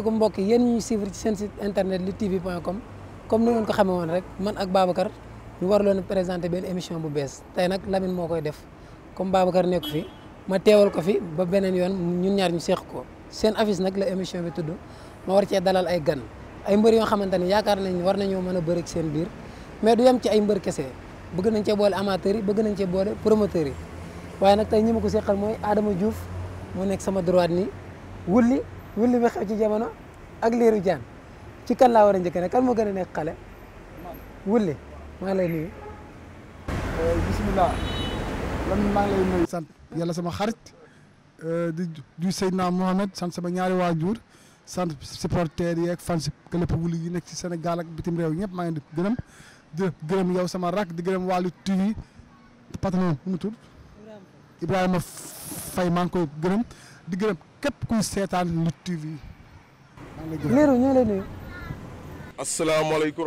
salaamaaleykum mbokk yi yéen ñuy suivre ci seen site internet luttetv.com comme ni ngeen ko xamee woon rek man ak Babacar ñu war leen présenter benn émission bu bees tey nag Lamine moo koy def comme Babacar nekk fi ma teewal ko fi ba beneen yoon ñun ñaar ñu seeq ko seen affiche nag la émission bi tudd ma war cee dalal ay gan ay mbër yoo xamante ne yaakaar nañ war nañoo mën a bëri seen biir mais du yem ci ay mbër kese bëgg nañ cee boole amateur yi bëgg nañ cee boole promoteurs yi waaye nag tey ñi ma ko seqal mooy Adama Diouf moo nekk sama droite nii wulli bi xew ci jamono ak liiru jaan ci kan laa war a njëkk ne kan moo gën a nekk xale wulli maa ngi lay nuyu euh, bisimilah lan maa lay nuyu sant yàlla sama xarit euh, di du Seydina Mohamed sant sama ñaari waajur sant supporters yi ak fans club wulli yi nekk ci Sénégal ak bitim réew ñëpp maa ngi di gërëm di gërëm yow sama rak di gërëm wàllu TV patron mu tudd Ibrahima Faye maa ngi koy gërëm di gërëm képp kuy seetaan Lutte TV. Lirou ñu ngi lay nuyu. asalaamaaleykum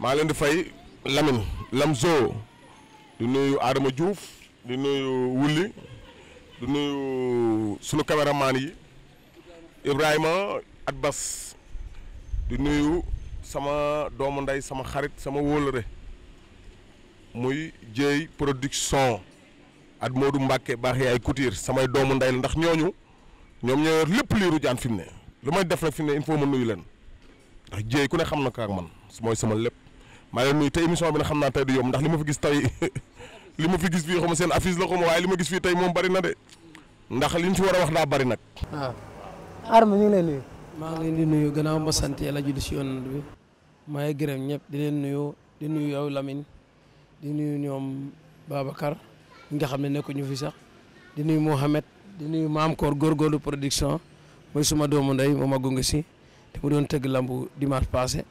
maa leen di fay Lamine Lamzo di nuyu Adama Diouf di nuyu Wulli di nuyu sunu caméraman yi Ibrahima at Bas di nuyu sama doomu ndey sama xarit sama wóolare muy Dieye production. at Modou Mbacke baax yaay Couture samay doomu ndey la ndax ñooñu ñoom ñoo yor lépp liiru jaan fi mu ne lu may def nag fi ne il faut ma nuyu leen ndax ku ne xam na ko ak man mooy sama lépp maa leen nuyu te émission bi nag xam naa tey du yomb ndax li ma fi gis tey li ma fi gis fii xuma seen affiche la xuma waaye li ma gis fii tey moom bari na de ndax liñ ci war a wax daa bari nag. waaw ah. Arma ñu ngi maa ngi leen di nuyu gannaaw ma sant yàlla julli si yoon bi maa ngi gërëm ñëpp di leen nuyu di nuyu aw Lamine di nuyu ñoom Babacar. ñi nga xam ne nekkuñu fi sax di nuyu Mouhamed di nuyu maam koor góorgóorlu production mooy suma doomu ndey moom a gunge si te mu doon tëgg lambu dimanche passé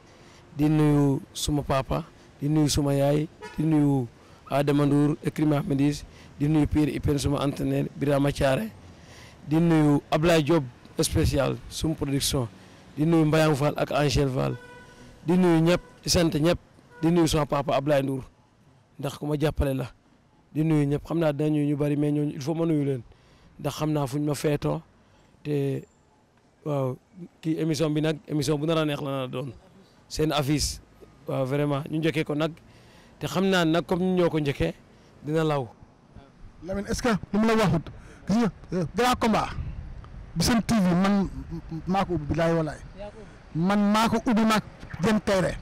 di nuyu suma papa di nuyu suma yaay di nuyu Adama Ndour écrima di nuyu Pierre Ipen suma entraîneur Birama Thiaré di nuyu Ablaye Diop spécial production di nuyu Mbayang Fall ak Angel Fall di nuyu ñëpp di sant ñëpp di nuyu suma papa Ablaye Ndour ndax ku ma jàppale la di nuyu ñëpp xam naa dañu ñu bari mais ñooñu il faut ma nuyu leen ndax xam naa fuñ ma feetoo te waaw kii émission bi nag émission bu nar a neex la na doon seen affiche waaw vraiment ñu njëkkee ko nag te xam naa nag comme ñu ñoo ko njëkkee dina law. Lamine est-ce que lu mu la waxut gis nga euh, grand combat bi seen TV man maa ko ubbi bilaay walaay man maa ko ubbi maag jëm teyre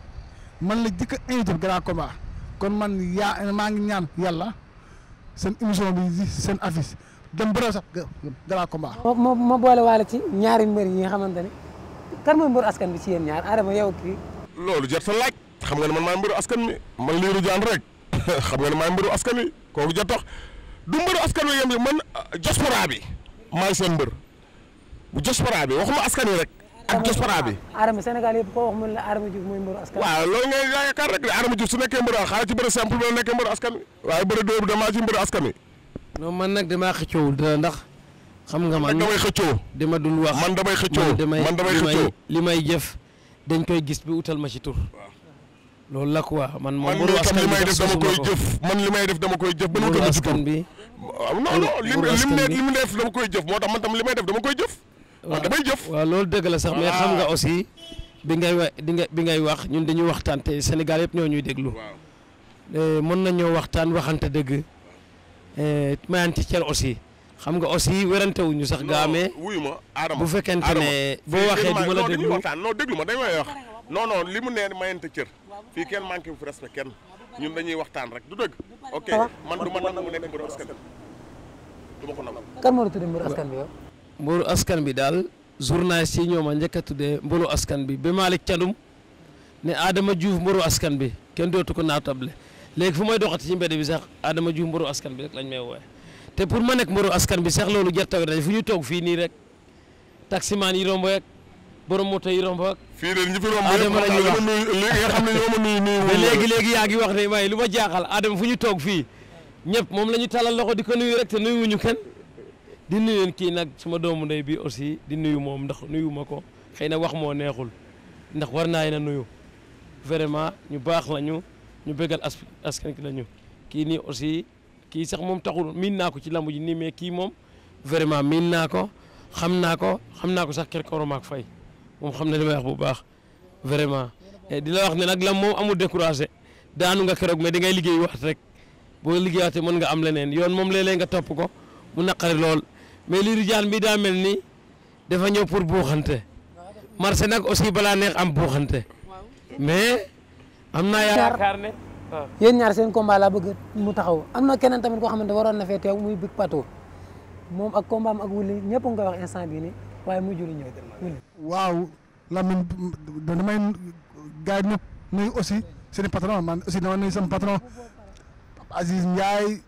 man la jëkk a invité grand combat kon man yaa maa ngi ñaan yàlla. seen émission bi seen affiche dem bëre sax gala combat. ma ma boole waale ci ñaari mbër yi nga xamante ne kan mooy mbëru askan bi ci yéen ñaar Adama yow kii. loolu jar sa laaj xam nga ne man maay mbëru askan mi man liiru jaan rek xam nga ne maay mbëru askan wi kooku jar du mbëru askan wi yem bi man jospora uh, bi maay seen mbër bu jospora bi waxuma askan wi rek. ak diaspora bi. Adama ah, Sénégal yëpp koo wax mu ne la Adama Diouf su nekkee mbëru xaaral ci bëri simple loolu nekkee mbëru waaye bëri dóor damaa ci mbëru askan wi. man nag damaa xëccoowul dara ndax. xam nga man damay xëccoo dama dul wax man damay xëccoo man damay xëccoo li may jëf dañ koy gis bi utal ma ci tur loolu man moom buru askan bi def dama li may def dama koy jëf ba bi non non li mu def dama koy jëf moo tax man tam li may def dama koy jëf waaw damay jëf waaw loolu dëgg la sax mais xam nga aussi bi ngay wa di nga bi ngay wax ñun dañuy waxtaan te Sénégal yëpp ñoo ñuy déglu eh, mën nañoo waxtaan waxante dëgg eh, mayante cel aussi xam nga aussi werante wuñu sax gaamee wuyu ma Adama bu fekkente ne boo waxee du ma la déglu waxtaan non déglu ma dañ wax non li mu nee mayante cër fii kenn manqué fu respect kenn ñun dañuy waxtaan rek du dëgg ok man du ma nangu mu nekk mbëru mboolu askan bi daal journaliste yi ñoo ma njëkk a tuddee askan bi ba Malick Thiandoum ne Adama Diouf mboro askan bi kenn dootu ko naatable léegi fu may doxati si mbedd bi sax Adama Diouf mboro askan bi rek may woowee te pour ma nekk mboolu askan bi sax loolu jar taw dañ fu ñu toog fii nii rek taximaan yi romb rek borom moto yi romb ak. fii de ñu wax léegi nga xam lu ma jaaxal Adama fu ñu toog fii ñëpp moom lañu talal loxo di ko nuyu rek te nuyuwuñu kenn di nuyu kii nag suma doomu ndey bi aussi di nuyu moom ndax nuyu ma ko xëy na wax moo neexul ndax war naa na nuyu vraiment ñu baax lañu ñu bëggal as askan ki lañu kii nii aussi kii sax moom taxul miin naa ko ci lamb ji nii mais kii moom vraiment miin naa ko xam naa ko xam naa ko sax Kër maak fay moom xam na li may wax bu baax vraiment di la wax ne nag lam moom amul découragé daanu nga keroog mais dangay liggéey wax rek boo liggéeyaatee mën nga am leneen yoon moom léeg nga topp ko mu naqari lool. mais liiru jaan bi daa mel ni dafa ñëw pour buuxante marché nag aussi balaa neex am buuxante mais am naa yaakaar ne ah. ñaar seen combat laa bëgg mu taxaw am na keneen tamit koo xamante waroon na fee teew muy big pato moom ak combat ak ñëpp nga wax instant bii nii waaye mu juri ñëw waaw la man damay gars yi aussi seen patron man aussi dama nuyu sama patron Aziz Ndiaye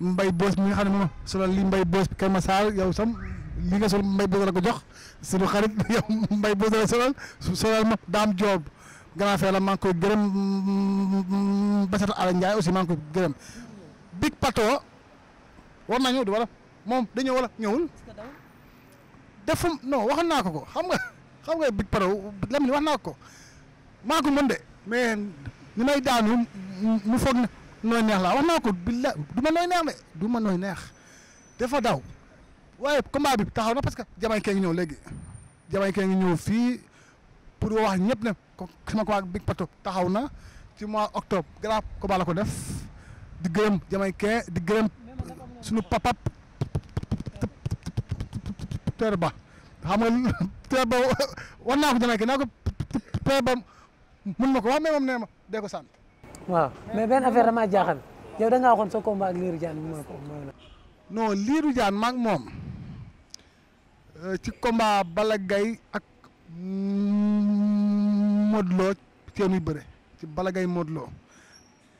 mbay boos mi nga xam ne moom solal li mbay boos Kër Massar yow sam li nga sol mbay boos la ko jox suñu xarit yow mbay boos la solal solal ma daam joob grand frère la maa ngi koy gërëm mm, Bassata Ala Ndiaye aussi maa ngi koy gërëm big pato war naa ñëwul defum non wax naa ko ko xam nga xam nga big pato lam ni wax naa ko ko maa ko mën de mais ni may daanu mu foog ne nooy neex laa wax naa ko billa du ma nooy neex de neex dafa daw waaye combat bi taxaw na parce que jamaykee ngi ñëw léegi jamaykee ngi ñëw fii pour wax ñëpp ne sama ko ak Big taxaw na ci mois octobre grand ko def di gërëm di gërëm suñu papap teer ba wax naa ko jamaykee naa ko teer mun ma ko wax mais moom nee ma dee ko sant waaw mais benn affaire dama jaaxal yow sa combat ak Lirou Diane mooy mooy la. non Lirou Diane maag moom euh, ci combat Balla Gaye ak Modou Lo seenu ci Balla Gaye Modou Lo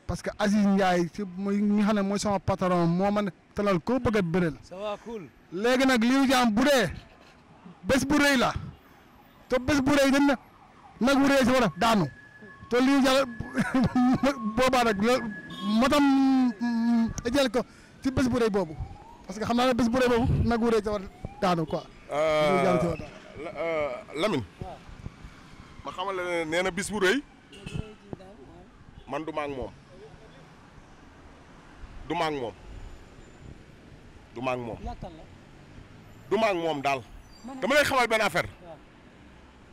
parce que Aziz Ndiaye ci muy ñi xam ne mooy sama patron moo ma ne talal koo bëgg a bëreel. léegi nag Lirou Diane bu dee bés bu rëy la te bés bu rëy dañ nag bu rëy daanu. te lii jàll boobaa nag loolu moo tax jël ko ci bés bu rëy boobu parce que xam naa ne bés bu rëy boobu nag wu rëy ca war daanu quoi. Euh, euh, Lamine. ma xamal la ne nee na bis bu rëy. man du ma ak moom. du ma ak moom. du ma moom. daal. dama lay xamal benn affaire.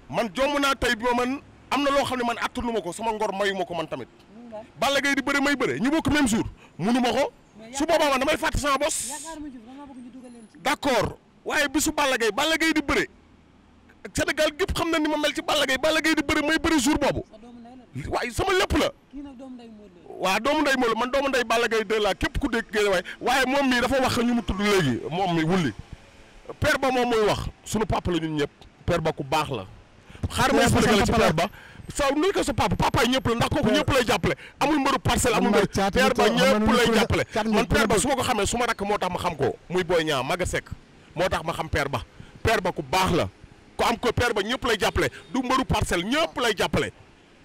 man jomb naa tey boo man. am na loo xam ne man attanu numa ko sama ngor mayu ma ko man tamit. Balla di bëre may bëre ñu bokk même jour munu ma ko. su boobaa damay fàtte sama bos. d'accord waaye bisu Balla Gaye Balla Gaye di bëre. Sénégal képp xam na ni ma mel ci Balla Gaye Balla di bëre may bëre jour boobu. waaye sama lépp la. waa doomu nday Mawla man doomu nday Balla Gaye de la képp ku dégg waaye waaye moom mi dafa wax ñu mu tudd léegi moom mi wulli père ba moom mooy wax sunu papa ñëpp père ba ku baax la. xaar ma expliqué la ba sa nul ko sa papa ñëpp ndax kooku ñëpp lay jàppale amul mbëru parcelle amul mbëru père ba ñëpp lay jàppale man su ma ko su ma moo tax ma xam ko muy booy ñaa maga sekk moo tax ma xam ba père ba ku baax la ku am ko père ba ñëpp lay jàppale du mbëru parcelle ñëpp lay jàppale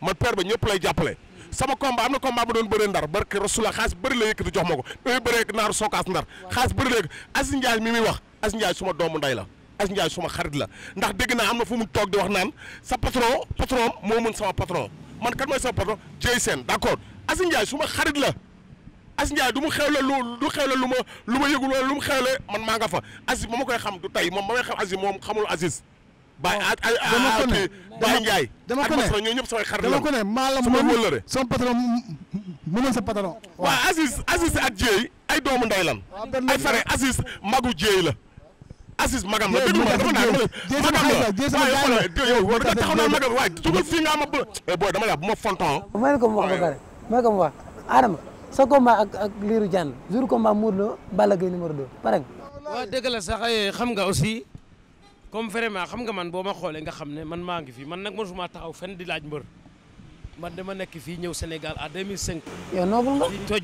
man père ba ñëpp lay jàppale sama combat am na combat ma doon bëree ndar barke rasula xaalis bëri la yëkkati jox ma ko damay bëree naaru sookaas ndar xaalis bëri la yëkkati Aziz Ndiaye mi muy wax Aziz suma doomu nday la Aziz Ndiaye suma xarit la ndax dégg naa am na fu mu toog di wax naan sa patron moo mën sama patron man kan mooy sama patron Dieye Sène d'accord Aziz Ndiaye suma xarit la Aziz Ndiaye du mu xewle lu du lu ma lu ma yëgul lu mu xewle man maa nga fa Aziz ba ma koy xam du tey moom ba may xam Aziz moom xamul Aziz. bàyyi oh. a dama dama ko ne ñoo la mën sama patron mënoon sa patron waaw Aziz Aziz ay doomu ndey lan ay fare Aziz magu Dieye la Aziz magam ma dama naan magam la dama la bu ma fonton mu wax ba pare may ko mu wax Adama ak ak Lirou Diane jour combat Modou Lo Balla Gaye numéro sax eh, xam nga aussi comme vraiment xam nga man boo ma xoolee nga xam ne man maa ngi fii man nag mosuma taxaw fenn di laaj mbër man dama nekk fii ñëw Sénégal à 2005 yow noobul nga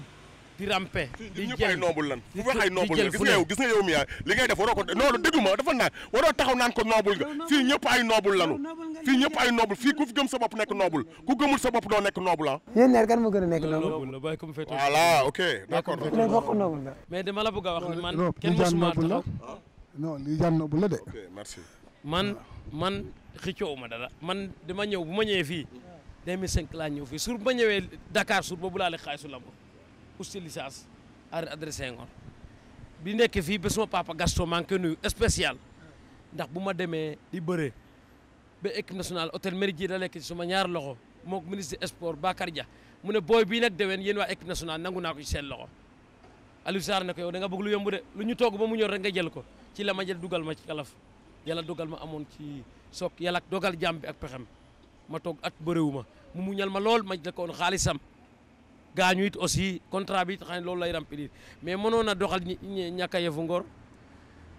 di rampe di jël ay noobul lan bu wax ay noobul nga gis nga yow gis nga yow mi li ngay def waroo ko noonu déglu ma dafa naan waroo taxaw naan ko noobul nga fii ñëpp ay noobul lanu fii ñëpp ay noobul fii ku fi gëm sa bopp nekk noobul ku gëmul sa bopp doo nekk noobul ah yéen ñaar kan moo gën a nekk noobul la bàyyi ko mu fay voilà ok d'accord mais dama la bëgg a wax ni man kenn mosuma taxaw non li jaan noobul la de ok merci man man xëccoo ma dara man dama ñëw bu ma ñëwee fii 2005 laa ñëw fii sur bu ma ñëwee Dakar sur boobu laa lekk xaalisu lamb usti licence ar adressé bi nekk fii ba suma papa Gaston maa ngi nuyu spécial ndax bu ma demee di bëree ba équipe nationale hôtel Méridien da lekk ci suma ñaar loxo mook ministre des sports Bakar mu ne booy bii nag deween yéen waa équipe nationale nangu naa ko ci seen loxo Aliou Sarr ne ko yow da nga bëgg lu yomb de lu ñu togg ba mu ñor rek nga jël ko ci la ma jël dugal ma ci kalaf yàlla dogal ma amoon ci sok yàlla dogal jàmm bi ak pexem ma toog at bëriwu ma mu muñal ma lool ma jël xaalisam gaañu it aussi contrat bi it xam ne loolu lay remplir mais mënoon a doxal ñàkk a yefu ngor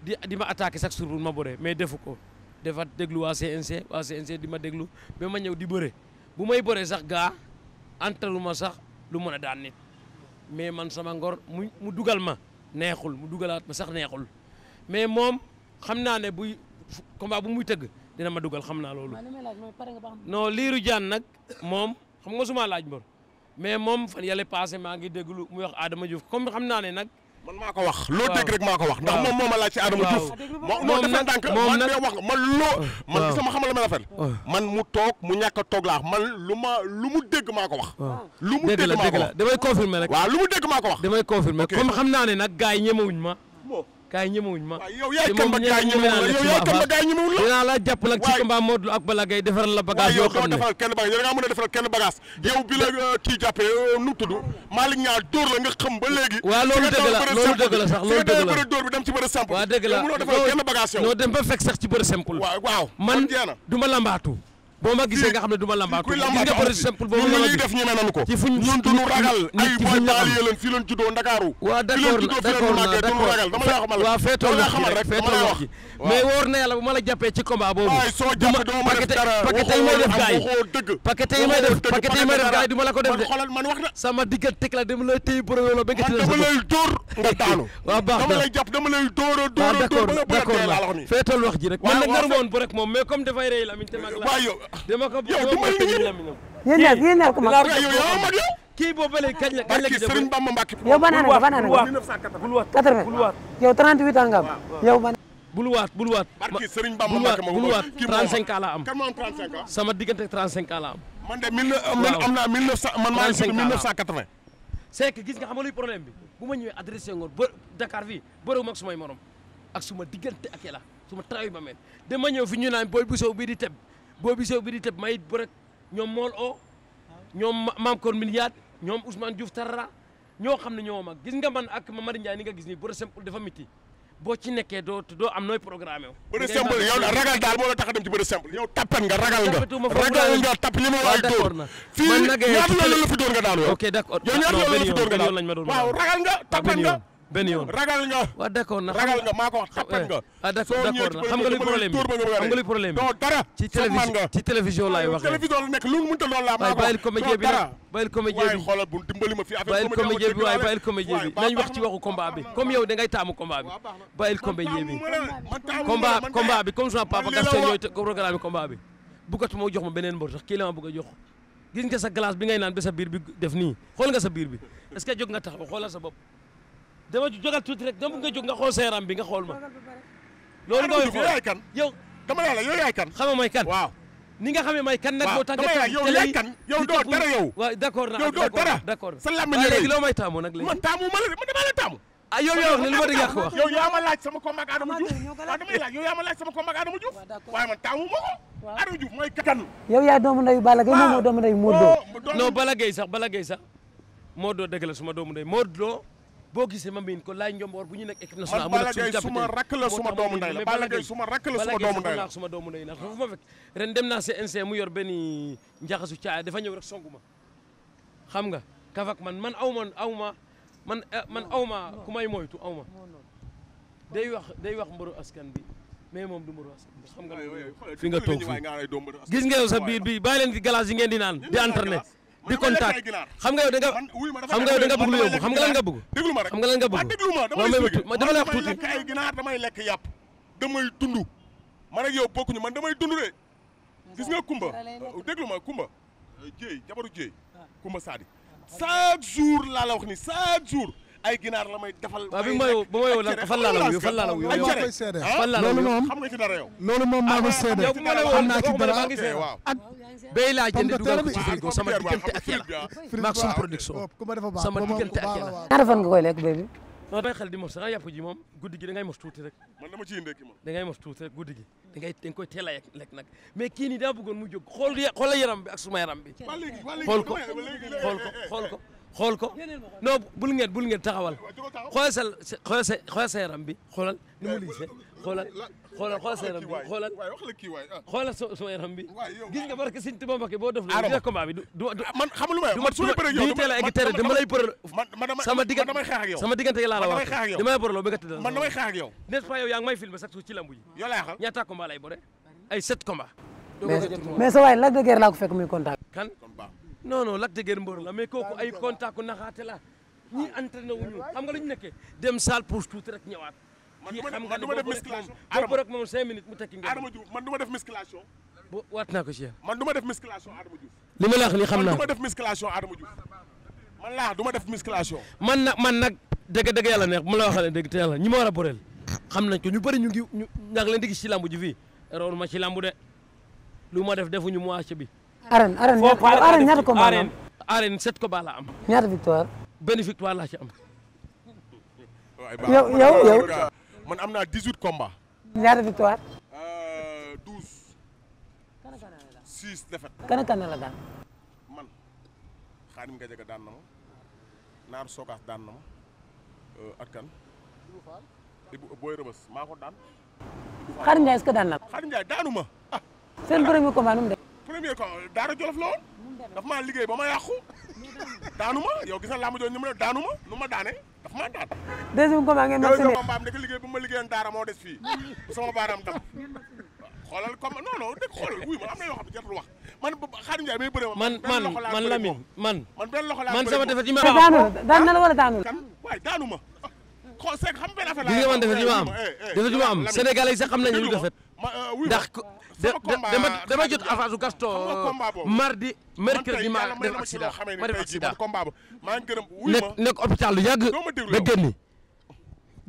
di di ma attaque chaque jour pour ma mais defu ko defat déglu waa CNC waa CNC di ma déglu ba ma ñëw di bëre bu may bëree sax gaa lu ma sax lu mën a daan nit mais man sama ngor mu mu dugal ma neexul mu dugalaat ma sax neexul mais moom xam naa ne buy combat bu muy tëgg dina ma dugal xam naa loolu. non liiru jaan nag moom xam nga suma laaj mbor mais moom fan yàlla passé maa ngi déglu mu wax Adama Diouf comme xam naa ne nag. man maa ko wax. loo dégg rek maa ko wax. ndax moom moo ma laaj ci Adama Diouf. waaw moom nag moom nag wax man loo. man gis sama xamal la ma rafet. man mu toog mu ñàkk toog laa man lu ma lu mu dégg maa ko wax. lu mu dégg maa ko wax dégg la dégg la damay confirmer rek. waaw lu mu dégg maa ko wax. damay confirmer comme xam naa ne nag gars yi ñemewuñ ma kaay ñemewuñ ma. waaw yow yaay kan ba kaay ñemewul la yow yaay kan ba kaay ñemewul la. dinaa la jàpp nag ci combat Modou Lo ak Balla Gaye defaral la bagage yoo xam ne waaw yow doo defal kenn bagage yow da ngaa mën a defaral kenn bagage. yow bi la euh, kii jàppee euh, nu tudd Malick Niang dóor la nga xam ba léegi. waaw loolu dëgg la loolu dëgg la sax loolu dëgg la bëri dóor bi dem ci bëri simple. waaw dëgg la yow mënoo defal kenn bagage yow. non dem ba fekk sax ci bëri simple. waaw waaw man duma lambaatu boo ma gisee nga xam ne du ma du de xoolal nga daanu waaw baax dama dama lay dóor a dóor a wax ji rek man nag naru woon bu rek moom mais comme dafay rëy la min te mag la dama ko yow du ma yéen ma kii boobu ba léegi kañ la kañ la Bamba Mbacke yow ban année nga ban année nga. bul waat am. yow ban. bul waat am. sama diggante 35 ans am. man de naa 1900 man maa gis nga xam nga bi bu ma ñëwee adressé ngoon ba Dakar fii bëriwu ma sumay morom ak suma diggante ak yàlla suma trahi ba mel dama ñëw fi ñu naan booy bu di teb boobu sew bi di tëb mayit bu ñoom mool o ñoom maam kon miliyaat ñoom Ousmane Diouf ñoo xam ne ñoo gis nga man ak Mamadou Ndiaye ni nga gis nii bëre simple dafa miti boo ci nekkee doo doo am nooy programme wu. bëre simple a dem ci bëre simple yow tappan nga ragal nga ragal nga tapp li ma la fi dóor nga daal waaw ragal nga tappan nga benn yoon ragal nga. waaw d' accord ragal nga maa ko wax xapat nga. Eh, ah d' accord xam nga luy problème bi xam nga luy problème bi. dara ci télévision ci télévision laay waxee. télévision la nekk lu mu mënta loolu wax doo wax ci waxu combat bi comme yow da ngay taamu combat bi bàyyil comédien bi. combat combat bi comme sama papa jox ma beneen mbër sax kii la ma a jox gis nga sa glace bi ngay naan ba bi def nii nga sa biir bi est ce que jóg nga taxaw xoolal sa bopp dama jógal tuuti rek dama nga jóg nga xool sa yaram bi nga xool ma. loolu nga koy yaay kan yow dama la may kan waaw. ni nga xamee may kan nag boo tàggatoo waaw yow yaay kan yow doo dara yow. waaw d'accord naa d'accord sa lamine la léegi loo may taamu nag léegi. ma la man ah, wax ne li ma dëgg yàq wax. yow yaa ma laaj sama combat ak Adama Diouf waaw damay laaj yow yaa ma laaj sama combat ak Adama Diouf waaye man taamu ma ko. waaw Adama moo doo ndeyu Modou Lo. Oh, non Balla Gaye sax boo gisee ma miin ko laay njomboor bu ñu nekk équipe nationale man Balla Gaye suma rakk la suma doomu ndey la Balla Gaye suma rakk la suma doomu ndey la suma doomu ndey la foofu ma fekk ren dem naa CNC mu yor benn njaxasu caaya dafa ñëw rek songu ma xam nga kafak man man aw ma aw ma man eh, man aw ma ku may moytu aw ma day wax day wax mbaru askan bi mais moom du mbaru askan bi xam nga fi nga toog fi gis nga yow sa biir bi bàyyi leen fi glace yi ngeen di naan di entraîner di contact xam nga yow da nga xam nga yow da danga bëgg lu yóbbu xam nga lan nga bëgg déglu ma rek xam nga lan nga bëgg ah, déglu ma dama lay wax tuuti lekk ay ginaar damay lekk ma damay dund man ak yow bokkuñu man damay dund de gis nga Kumba euh, déglu ma Kumba euh, Jéy jabaru Jéy ah. Kumba Sadi chaque jour laa la wax ni chaque jour ay ginaar la may defal. waaw bi ma yow ba ma yow lan fan laa la wuyu fan laa la wuyu. yow ah, fan laa la wuyu xam nga ci dara yow. loolu moom maa ko ah, seede yow bu ma la woon xam naa ci dara ah. ak. bay laa jënd dugal ko ci frigo sama diggante ak yàlla maak suñu production sama diggante ak yàlla. ñaata fan nga koy lekk béy bi. non damay xel di mos sax yàpp ji moom guddi gi da ngay mos tuuti rek. man dama ciy ndekki moom. da ngay mos tuuti rek guddi gi. da ngay da nga koy teel a lekk nag mais kii nii daa bëggoon mu jóg xool xool yaram bi ak suma yaram bi. xool ko xool ko xool ko xool ko non bul ngeen bul ngeen taxawal xoolal sa xoolal sa xoolal sa yaram bi xoolal ni mu liise xoolal xoolal xoolal sa yaram bi xoolal xoolal sa sa yaram bi gis nga barke Sëñ Tuubaa Mbakke boo def la gis combat bi du du man xam lu may wax man su ma bëree yow teel a egg tere dama lay bëral sama diggante damay xeex ak yow sama diggante la la wax dama lay bëraloo ba nga tëdd man damay xeex ak yow n'est-ce pas yow yaa ngi may filmer sax ci lamb yi yow laa xam ñaata combat lay bëre ay sept combat mais sa waay Lac de Guiers laa ko fekk muy contact kan noonoo non Lac de Guiers mbër la mais kooku ay contact ku la ñii ah. entraîné wuñu xam nga lu ñu nekkee dem salle pour tuuti rek ñëwaat. man du ma def musculation Adama kii ma def musculation. bo waat naa ko man du ma def musculation ni xam naa man du ma def musculation Adama Diouf man laa du def musculation. man nag man nag dëgg dëgg yàlla neex ma la wax dëgg te yàlla ñi ma war a boreel xam nañ ko ñu bëri ñu ngi ñu ñaa ngi leen di gis ci ma ci de lu ma def defuñu moitié bi arène arène ñaata combat arène arène sept combat la am. ñaata victoire. benn victoire laa ci am. yow yow yow. man am naa dix huit combats. ñaata victoire. Euh, douze. six défaite. daan. man Xaadim Gajaga daan na ma Naar Sogaas daan na ma euh, ak kan. Ibou Boy Rëbës daan. na la. Ah. seen premier combat nu mu premier camp daara jolof la woon daf maa liggéey ba ma yàqu daanu ma yow gis na laa ma joon ñu ma daanu ma nu ma daane daf maa daan deuxième combat ngeen deuxième combat ndeka liggéey bu ma liggéeyoon daara moo des fii sama baaraam dam xoolal comme non non dëgg xoolal wuy ma am na yoo xam ne jotul wax man Xaadim Njaay may bëre man man man Lamine man man benn loxo laa man sama defet yi ma na la wala daanu la daanu ma xam benn affaire laa yor li nga defet li ma am eh, eh, eh, Sénégalais yi sax xam nañu lu defet euh, ndax dama dama jot avance su gasto mardi mercredi ma def accident ma def nekk hôpital lu yàgg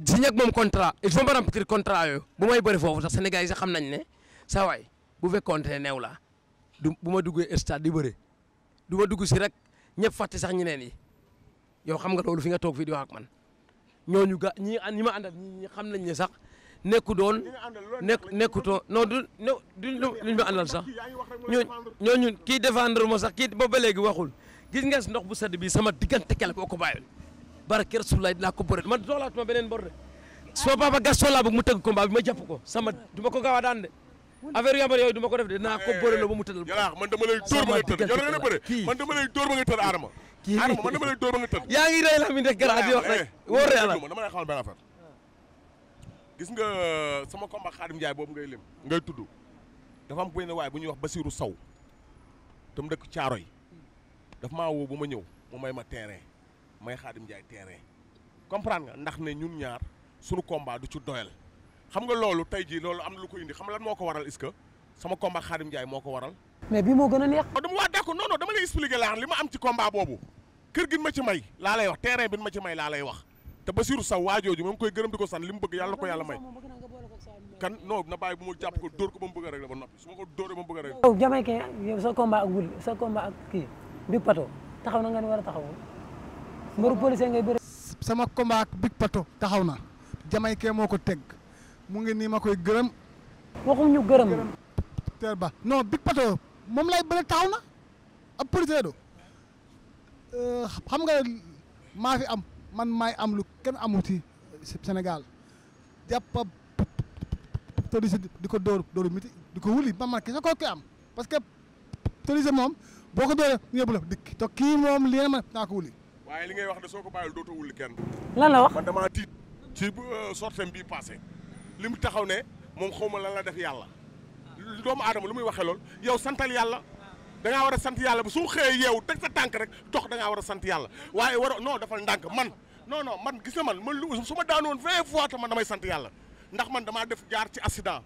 si ñag moom contrat il faut ma remplir contrat yooyu bu may bëri foofu sax xam nañ ne saa bu fekkoon te neew laa du bu ma duggee stade di bëri du ma dugg si rek ñëpp fàtte sax ñeneen yi yow xam nga loolu fi nga toog fii di man. ñooñu ga ñi ñi ma àndal ñi xam nañ ne sax nekku doon nekk nekkutoo non du du luñ ma àndal sax ñoo ñooñu kii défendre ma sax kii boobu ba léegi waxul gis nga ndox bu sedd bii sama diggante kele boo ko bàyyoon barke Rasulullah dinaa ko bëre man soxlaatuma beneen bor de soo papa Gaston laa bëgg mu tëgg combat bi ma jàpp ko sama du ko gaaw a daan de affaire yambar yooyu du ko def de naa ko eh, bëre la ba mu tëddal. yàlla man dama lay Adama kii xaaral ma man dama lay dóor ba nga tëdd. yaa ngi rey la mi nekk garab di wax rek. Eh, wóor na yàlla dama lay xamal nga euh, sama combat Xaadim Ndiaye boobu ngay lim ngay tudd dafa am waay bu ñuy wax Basirou Sow te mu dëkk caaro yi daf maa woo bu ma ñëw mu may ma terrain may Xaadim Ndiaye terrain comprendre nga ndax ne ñun ñaar sunu combat du ci doyal xam nga loolu tey jii loolu am na lu ko indi xam lan moo ko waral est-ce que sama combat Xaadim Ndiaye moo ko waral. mais bi moo gën a neex. Ah, dama waa d'accord non dama lay expliquer laa li ma am ci combat boobu. kër gi ma ci may laa lay wax terrain bi ma ci may laa lay wax te Basiirou Sow waajooju moom koy gërëm di ko san li mu bëgg yàlla ko yàlla may kan non na bàyyi jàpp ko dóor ko ba mu bëgg a régler ba noppi su ma ko dóoree ba mu bëgg a régler. yow Jamaïcain yow sa combat ak wuli sa combat ak Big Pato na nga ni war a taxawoo mbaru policier ngay bëri. sama combat ak taxaw na Jamaïcain moo ko teg mu ngi nii ma koy gërëm. waxum ñu gërëm. teer ba non Big moom lay bëri taxaw na ab policier do Euh, xam nga maa fi am man maay am lu kenn amul ci Sénégal jàppa Tolisso di ko dóor dóoru miti di ko wuli man man kese koo koy am parce que Tolisso moom boo ko dóoree ñëpp la dikk te kii moom li nga ma naa ko wuli. waaye li ngay wax ne soo ko bàyyil dootoo wuli kenn. lan la wax man damaa tiit ci euh, sortem bii passé li mu taxaw ne moom xaw ma lan la def yàlla doomu aadama lu muy waxee lool yow santal yàlla. da war a sant yàlla bi su xëyee yeewu teg sa tànk rek dox da ngaa war a sant yàlla waaye war non dafal ndànk man non non man gis na man man lu su ma daanoon vingt fois te man sant yàlla ndax man damaa def jaar ci accident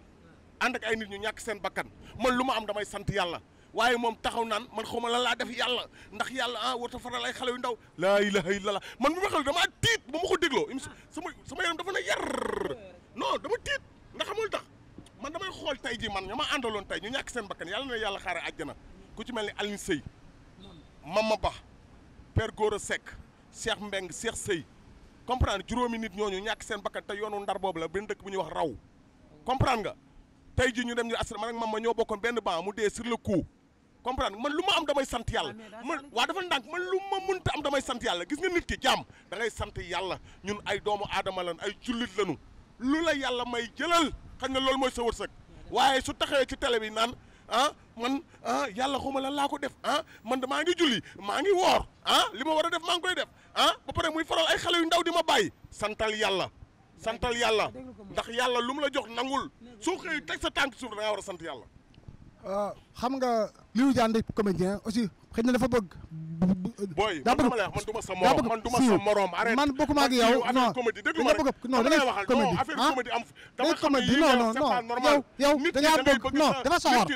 ànd ak ay nit ñu ñàkk seen bakkan man lu ma am damay sant yàlla waaye moom taxaw naan man xaw ma lan laa def yàlla ndax yàlla ah warta faral ay xale yu ndaw la ilaha illallah man bi ma xel damaa tiit ba ma ko dégloo su ma yaram dafa la yar non dama tiit ndax amul tax man damay xool tey ji man ña ma àndaloon tey ñu ñàkk seen bakkan yàlla na yàlla xaare àjjana ku ci mel ni Alioune Seye Mama Ba Père Gora Seck seex Mbeng Cheikh Seye comprendre juróomi nit ñooñu ñàkk seen bakkan te yoonu ndar boobu la benn dëkk bu ñuy wax raw comprendre nga tey ji ñu dem ñu assuré man ak mam ma ñoo bokkoon benn ban mu dee sur le coup comprendre man lu ma am damay sant yàlla man waa dafa ndànk man lu ma munta am damay sant yàlla gis nga nit ki jaam da ngay sant yàlla ñun ay doomu aadama lan ay jullit lanu lu la yàlla may jëlal xam nga loolu mooy sa wërsëg waaye ah man ah yàlla xuma lan laa ko def ah man de maa ngi julli maa ngi woor ah li ma war a def maa ngi koy def ah ba pare muy faral ay xale yu ndaw di ma bàyyi santal yàlla santal yàlla ndax yàlla lu mu la jox nangul soo xëy teg sa tànk suuf da ngaa war a sant yàlla ah, xam nga li Lirou Diane comme comédien aussi xëy na dafa bëgg. booy man dama lay wax man du ma sa morom man du ma sa da ngay waxal da ngaa bëgg non dafa soxor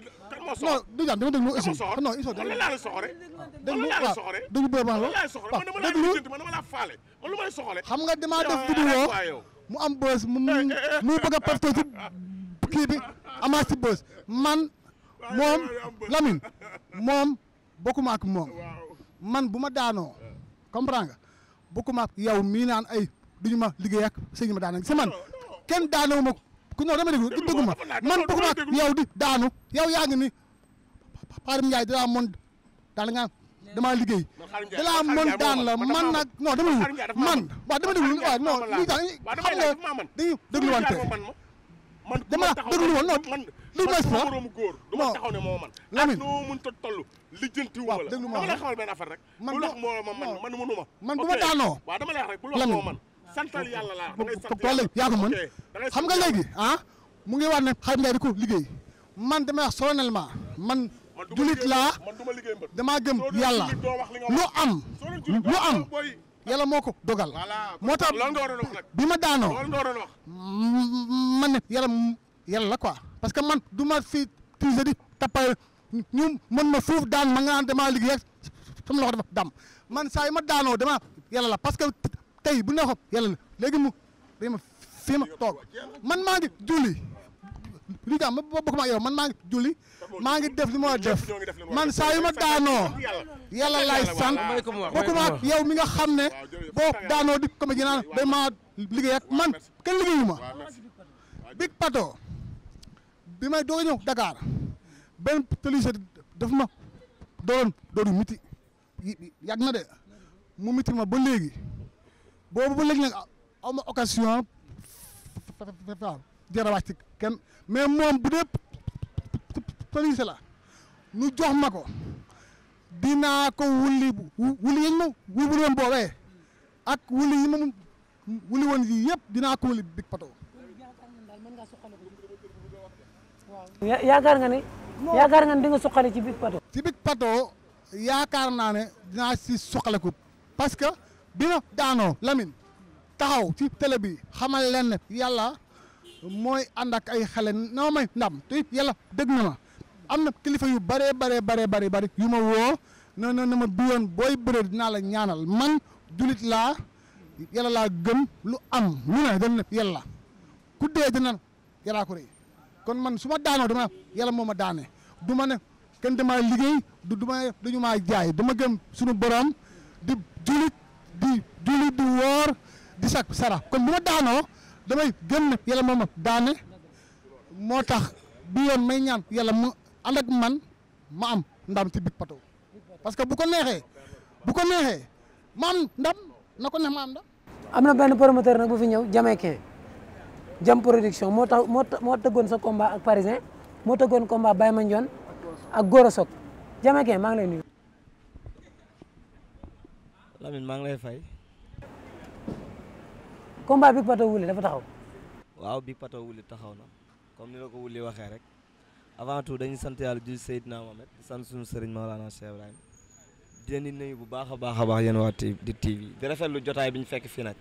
non du jaan dama déglu aussi non il faut dama la soxore dama soxore déglu boobu ma la déglu ah. man la faale lu xam nga dama def vidéo mu am bës mu eh, eh, eh. mu bëgg a parto ci kii bës man moom Lamine moom bokkuma ak moom man bu ma daanoo comprends nga bokkuma ak yow mii naan ay du ma liggéey ak sëñ ma daanaka si man ken daanoo ma ku ñëw dama déglu déglu ma man bokkuma ak yow di daanu yow yaa ngi ni Xaadim Njaay dalaa mën daan nga damaa liggéey dalaa mën daan la man nag non dama déglu man waaw dama déglu waaw non lii daal xam nga dañuy lii mooy sport man ma taxaw ne moo man Lamine ak noo mënta toll lijjanti wu ma la dama lay xamal benn affaire rek bu lax man man mënu ma man du ma daanoo waaw dama lay wax rek santal yàlla laa da ngay sant yàlla yaa ko mën xam nga léegi ah mu ngi waat ne xarit Ndiaye di ko liggéey man dama wax solennellement man julit laa damaa gëm yàlla lu am lu am yàlla moo ko dogal moo tax bi ma daanoo man ne yàlla yàlla la quoi parce que man duma ma fi tise di tappay ñu mën ma fuuf daan ma nga damaa liggéey ak sama loxo dafa dam man saa yi ma daanoo dama yàlla la parce que tey bu neexoon yàlla la léegi mu réew ma fii ma toog man maa ngi julli li nga man maa ngi ngi def li ma def man saa yu daanoo yàlla lay sant bokk ma yow mi nga xam ne boo daanoo di comédien naan day maa liggéey ak man kenn liggéeyu big pato bi may doo a dakaar Dakar benn police daf ma doon doonu miti yàgg na de mu miti ma ba léegi boobu ba léegi nag aw ma occasion jara wàcc kenn mais moom bu dee police la nu jox ma ko dinaa ko wuli wuli yañ ma wuli woon boobee ak wuli yi ma wuli woon yii yëpp dinaa ko wuli big pato yaakaar nga ne. yaakaar nga ne di nga suqali ci big pato. ci big pato yaakaar naa ne dinaa si suqaleku parce que bi na daanoo Lamine taxaw ci télé bi xamal leen ne yàlla mooy ànd ak ay xale noo may ndam te yàlla dëgg na ma am na kilifa yu bëree baree baree bëri bëri yu ma woo na na na ma biyoon booy bëree dinaa la ñaanal man julit laa yàlla laa gëm lu am lu ne dañ ne yàlla ku dee dina yàllaa ko rëy kon man suma ma daanoo dama yàlla moom ma daane du ma ne kenn damaa liggéey du du ma dañu maa jaay dama gëm suñu borom di julit di julit di woor di sak sara kon bu ma daanoo damay gëm ne yàlla moo daane moo tax bi yoon may ñaan yàlla mu ànd man ma am ndam ci big pato parce que bu ko neexee bu ko neexee ma am ndam na ko neex ma am ndam am na benn promoteur nag bu fi ñëw jamaïcain jam production moo tax moo moo tëggoon sa combat ak parisien moo tëggoon combat Baye Mandione ak Goro Sok Jamaïcain maa ngi lay nuyu. Lamine maa ngi lay fay. combat Big Pato dafa taxaw. waaw Big Pato Wouly taxaw na comme ni la ko Wouly waxee rek avant tout dañuy sant yàlla di Seydina Mohamed di sant suñu sëriñ Maolana Cheikh Ibrahim di leen di nuyu bu baax a baax a baax yéen waa di TV di rafetlu jotaay bi ñu fekk fii nag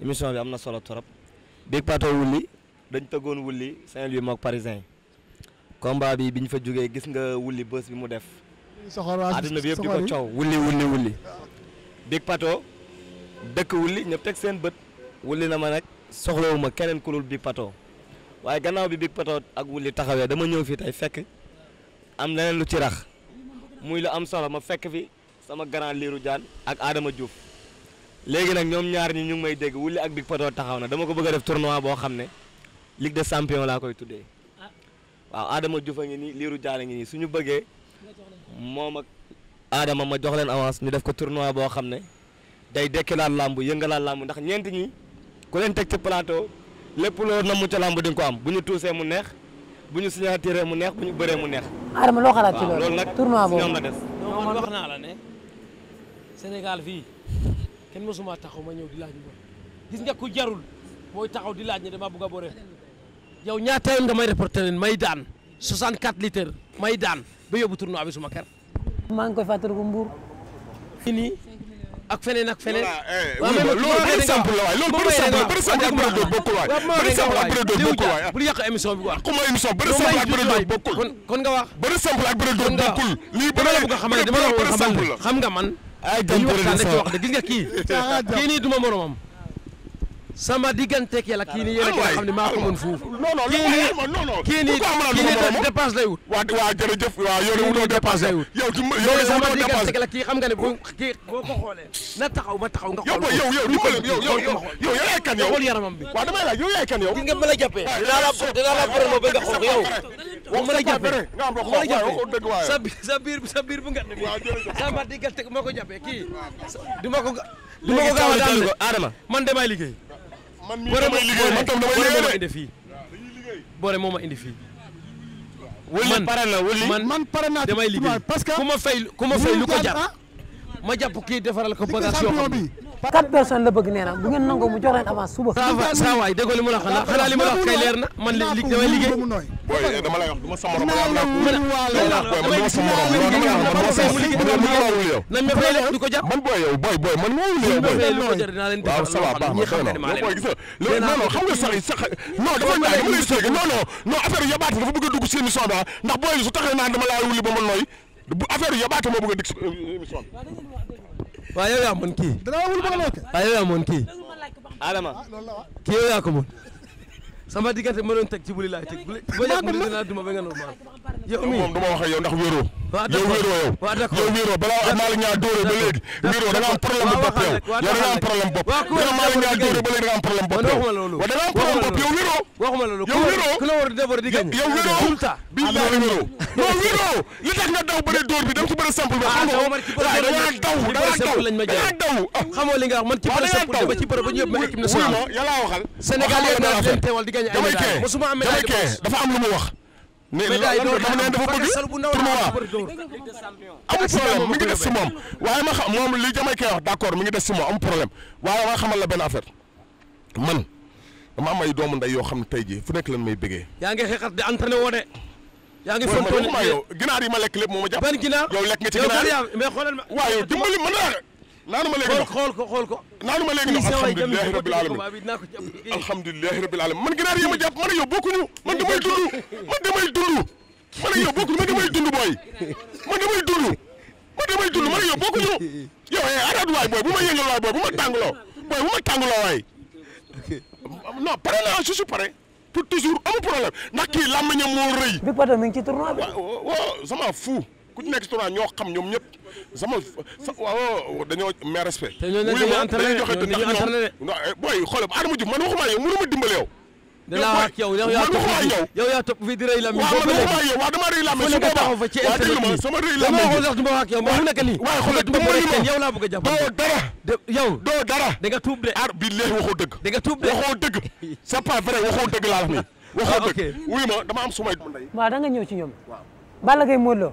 émission bi am na solo trop. Big Pato wulli dañ tëggoon wulli Saint-Louis mook parisien combat bi bi ñu fa jógee gis nga wulli bës bi mu def. àdduna bi yëpp di ko coow wulli wulli wulli. Big Pato dëkk wulli ñëpp teg seen bët wulli na ma nag soxlawuma keneen ku dul Big Pato waaye gannaaw bi Big Pato ak wulli taxawee dama ñëw fii tey fekk am leneen lu ci rax muy lu am solo ma fekk fi sama grand liiru Diane ak aadama Diouf. léegi nag ñoom ñaar ñi ñu may dégg wulli ak Big Pato taxaw na dama ko bëgg a def tournoi boo xam ne Ligue des champions laa koy tuddee ah. waaw Adama Diouf a ngi nii Lirou ngi suñu bëggee moom ak Adama ma jox leen avance ñu def ko tournoi boo xam ne day dekkilaat làmb yëngalaat làmb ndax ñeenti ñi ku leen teg ci palaato lépp loo namu ca làmb di ko am bu ñu tuusee mu neex bu ñu signature mu neex bu ñu bëree mu neex. Adama loo xalaat ci loolu. tournoi boobu loolu nag ñoom na des. non man wax Sénégal fii. kenn mësuma taxaw ma ñëw di laaj mbër gis nga ku jarul mooy taxaw di laaj ne dama bëgg a bëre yow ñaata yoon nga may reporté leen may daan 64 litres may daan ba yóbbu tournoi bi suma kër. maa ngi koy fàttaliku Mbour. fii nii ak feneen ak feneen. Ah, eh, waaw mais loolu par exemple la waay loolu par exemple la par exemple ak bëre doon bokkul waay. par exemple ak bëre doon bokkul waay. bul yàq émission bi quoi. xuma émission par exemple ak bëre doon bokkul. kon kon nga wax. par exemple ak bëre doon bokkul. lii bëre dama la bëgg a xamal dama la bëgg a xamal xam nga man. ay dañuy waxtaan rek wax de gis nga kii. kii nii du ma moromam. sama digganteeg yàlla kii nii yéen a ngi xam ne maa ko mën fuuf. non non non non kii nii kii nii dépense lay wut. waa waa jërëjëf waa yow de wutoo dépense lay wut. yow tu ma yow de sama digganteeg yàlla kii xam nga ne bu kii boo ko xoolee. na taxaw ma taxaw nga. xool yow yow yow yow yow yaay kan yow. xool yaramam bi waaw damay laaj yow yaay kan yow. gis nga ma la jàppee. dinaa la dinaa la borom ba nga xool yow. wax ma la jàppee ma la jàppee sa biir sa biir sa biir bu nga demee. sama digganteeg ma ko jàppee kii. du ma ko du ma ko gaaw a daal ko Adama man damay liggéey boore man tam damay liggéey de indi fii boore moo ma indi fii. wuli pare na wuli man man pare naa damay liggéey parce que ku ma fay ku ma fay lu ko jar ah. ma jàpp kii defaral ko bagage yoo xam quatre personnes la bëgg nee na bu ngeen nangoo mu jox leen avance suba. saa waay déggoo ma la ma la wax kay na man booy dama ko jàpp. man booy yow booy man ma wul yow booy. waaw ça va baax na xëy na non booy gis nga non non xam nga sax sax non dafa ndaay dama lay sëgg non non non affaire yabaate dafa bëgg a si émission bi ah. ndax booy bi su taxee naan dama laa wuli ba ma nooy bu affaire moo bëgg a dugg si euh, émission waaye yow yaa mën kii. dara wul bëgg a lekk. waaw yow yaa mën Adama ah, kii yow yaa ko sama diggante ma doon teg ci buli laay teg buli. boo yàgg buli dinaa duma ba nga normal. yow mii moom du ma wax ak yow ndax wéeroo. waaw yow wéeroo yow. waaw d' accord yow wéeroo balaa am Malick Niang dóore ba léegi. wéeroo da nga am problème bu bopp yow. yow da nga am problème bopp. waaw ku la Malick Niang dóore ba léegi da nga am problème bopp yow. waaw da nga am problème bopp yow wéeroo. waxuma loolu yow wéeroo ku la war a dévorer di gagné. yow wéeroo bii laa wéeroo. non wéeroo li tax nga daw bëre dóor bi da nga ko bëre sample ba. Ah, xam nga waaw da ngaa daw da ngaa daw da ngaa daw. xamoo li nga wax man ci bëre sample ba ci bëre ba ñu yóbbu ma équipe nationale. wuy ma yàlla waxal. Sénégal yéen daal leen teewal di gagné ay médailles mosuma am médaille dafa am lu mu wax mais loolu dafa ne dafa bëgg tournoi amul problème mi si moom waaye ma xam moom li Jamaïcain wax d' accord mi ngi des si moom amul problème waaye ma xamal la benn affaire man dama am ay doomu nday yoo xam ne tey jii fu nekk lan may bëggee. yaa ngi xeexat di entraîné woo de. yaa ngi fontoon ginaar yi ma lekk lépp moo ma jàpp. ban ginaar yow lekk nga ci ginaar yow mais xoolal ma waaw yow dimbali mën naa naanu ma léegi ndox xool ko xool ko naanu ma léegi ndox alhamdulilahi rabbil alamin alhamdulilahi rabbil alamin man ginaar yi ma jàpp man a yow bokkuñu man damay dund man damay dund man a yow bokkuñu man damay dund booy man damay dund man damay dund man a yow bokkuñu yow a eh, arrête waay a bu ma yëngal waay booy bu ma tàngaloo booy bu ma tàngaloo waay non pare naa je suis paré pour la amul problème ndax kii làmmiñam moo rëy. bi Pato mi ngi ci tournoi bi. waaw waaw sama fou. ku ci nekk ci tournoi ñoo xam ñoom ñëpp sama sa waaw dañoo mais respect. te ñooñu dañuy joxe te ndax ñoom eh, booy xoolal Adama Diouf man waxuma yow mënuma dimbale yow. danaa wax yow yow yaa topp fii yow yaa topp fii di rëy lammi. waaw man waxuma yow waaw damaa rëy lammi su boobaa waaw déglu ma sama rëy lammi bi dama wax du ma wax ak yow mu nekk nii. waaye xoolal dama bëri ma yow laa bëgg a jàpp. doo dara yow doo dara. da nga tuub de ah billahi waxoo dëgg. da nga tuub de waxoo dëgg c'est pas vrai waxoo dëgg laa wax nii. waxoo ah, dëgg wuyu ma dama am sumay. waaw da nga ñëw ci ñoom. Balla Gaye Modou Lo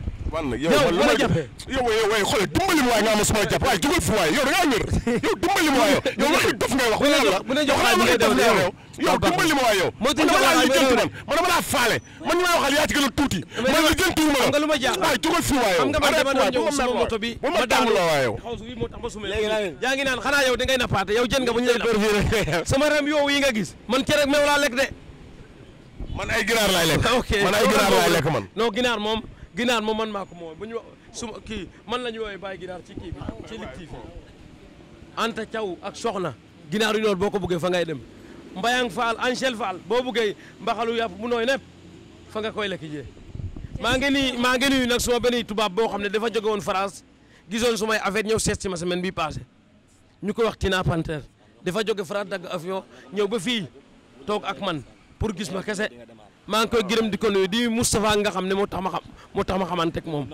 man nag yow man lu ma yow waaye xoolal dimbali ma waaye nga am su ma jàpp waaye jógal fi waaye yow da ngaa wér yow dimbali ma ma waaye a tuuti man lijjanti la waaye jógal fi waaye yow bu ma dàmm la waaye yow yaa xanaa yow da ngay nappaate yow jën nga bu ñu lay napp sama nga gis man cere ak meew laa lekk de man ay ginaar laay lekk man ay ginaar laay lekk man non ginaar moom ginaar moom man maa ko moom bu ñu suma kii man la ñu woowee bàyyi ginaar ci kii bi ci ligtii fi Anta Thiaw ak soxna ginaar yu noonu boo ko buggee fa ngay dem Mbayang Fall Angel Fall boo buggee mbaxalu yàpp mu nooy nepp fa nga koy lekk jee maa ngi nii maa ngi nuyu nag suma benn tubaab boo xam ne dafa jóge woon France gisoon sumay affaire ñëw seet si ma semaine bi passé ñu ko wax Tina Panter dafa jóge France dagg avion ñëw ba fii toog ak man pour gis ma kese maa ngi koy gërëm di ko nuyu di Moustapha nga xam ne moo tax ma xam moo tax ma xamante ak moom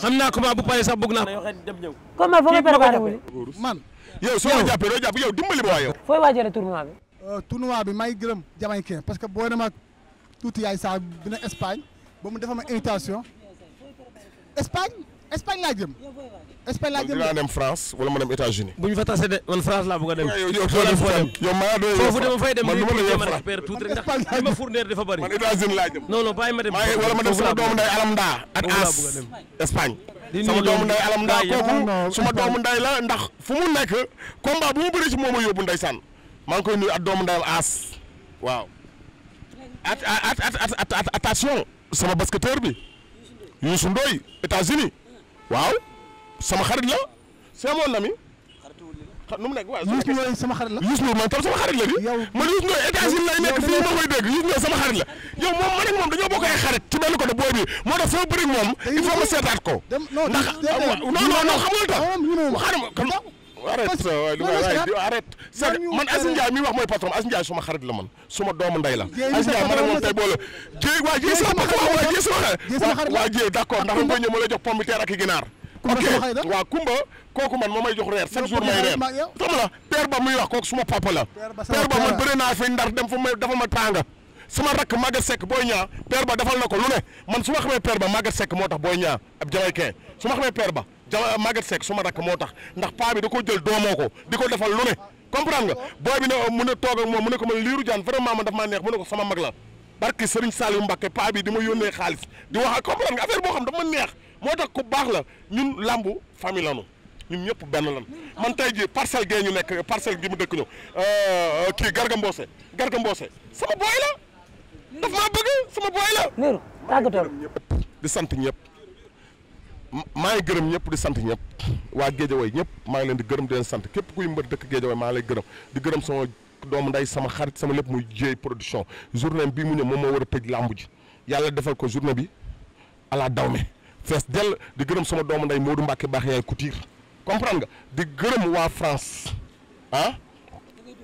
xam naa comment bu paree sax bëgg naa ko. comment foo ko préparé wul. man yow soo ma jàppee doo jàpp yow dimbali ma waa yow. fooy waajale tournoi bi. Euh, tournoi may gërëm jamaïcain parce que boo demee ak tuuti yaay saa bi na Espagne ba mu defal ma invitation Espagne. Espagne laa jëm. Espagne laa jëm dinaa dem France wala ma dem États-Unis bu ñu fa tase de man France laa bëgg a dem. yow maa doy foofu dama fay dem. man du ma doy ma récupéré tuuti rek ndax li ma fournir dafa bëri. man États-Unis laa jëm. non non bàyyi ma dem wala ma dem sama doomu nday alam ndaa ak as Espagne. sama doomu nday alam ndaa kooku suma doomu nday la ndax fu mu nekk combat bu mu bëri ci moom a yóbbu ndeysaan maa ngi koy nuyu ak doomu ndayam as waaw at at at attention sama basketteur bi Youssou Ndoye États-Unis waaw sama xarit la c'est mon ami nu mu nekk waaw Youssou Ndoye sama xarit la Youssou Ndoye man tam sama xarit la di man Youssou Ndoye États-Unis lay nekk fii ma koy dégg Youssou Ndoye sama xarit la yow moom man ak moom dañoo bokk ay xarit ci benn côté booy bi moo tax sama bëri moom il faut ma seetaat ko ndax non non non xam nga lu tax xaaral ma arrête sa waay arrête man Aziz Ndiaye wax mooy patron Aziz suma xarit la man suma doomu ndey la Aziz Ndiaye man ak moom tey boole jéy waa jéy sama patron waa jéy sama xarit waa jéy d'accord ndax ma ñëw ma lay jox pomme ak i ginaar ok waaw Kumba kooku man moo may jox suma na ko lu ne man ma xamee père ba Maguette Seck moo tax booy ñaa ab jamaïcain su ma xamee père ba dama euh, Maguette Seck suma rakk moo tax ndax paa bi da ko jël doomoo ko di ko defal lu ne comprendre nga booy bi ne euh, mu ne toog ak moom mu ne ko man liiru jaan vraiment man daf maa neex mu ne ko sama mag la barki Serigne Saliou Mbacké paa bi di ma yónnee xaalis di wax ak comprendre nga affaire boo xam dama neex moo tax ku baax la ñun làmbu famille lanu ñun ñëpp benn lan man tey jii parcelle gee ñu nekk parcelle gi mu dëkk ñu euh, kii Garga Mbossé Garga Mbossé sama booy la daf maa bëgg sama booy la. di sant ñëpp. maa ngi gërëm ñëpp di sant ñëpp waa Géejawaay ñëpp maa ngi leen di gërëm di sant képp kuy mbër dëkk Géejawaay maa ngi lay gërëm di gërëm sama doomu nday sama xarit sama lépp muy jéey production journée bii mu ñëw moom moo war a tëj làmb ji yàlla defal ko journée bi ala dawme fees dell di gërëm sama doomu nday Modou Mbacke baax yaay Couture comprendre nga di gërëm waa France ah.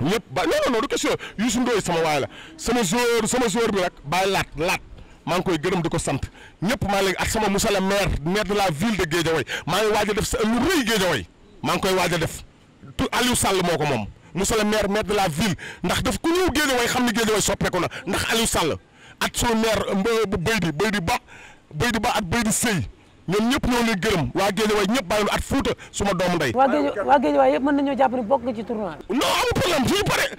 ñëpp ba non non non du question Youssou Ndoye sama waay la sama joueur sama joueur bi rek bàyyi laat laat. maa ngi koy gërëm di ko sant ñëpp maa léegi ak sama monsieur a maire maire de la ville de Guédiawaye maa ngi waaj a def sa lu rëy Guédiawaye maa ngi koy waaj a def tu Aliou Sall moo ko moom monsieur le maire maire de la ville ndax daf ku ñëw Guédiawaye xam ne Guédiawaye soppeeku na ndax Aliou Sall ak sunu maire bëy di bëy di ba bëy ba at bëy di sëy ñoom ñëpp ñoo leen gërëm waa Guédiawaye ñëpp bàyyi at Fuuta suma doom ndey. waa Guédiawaye yëpp mën nañoo jàpp ni bokk nga ci tournoi. non amul problème suñu pare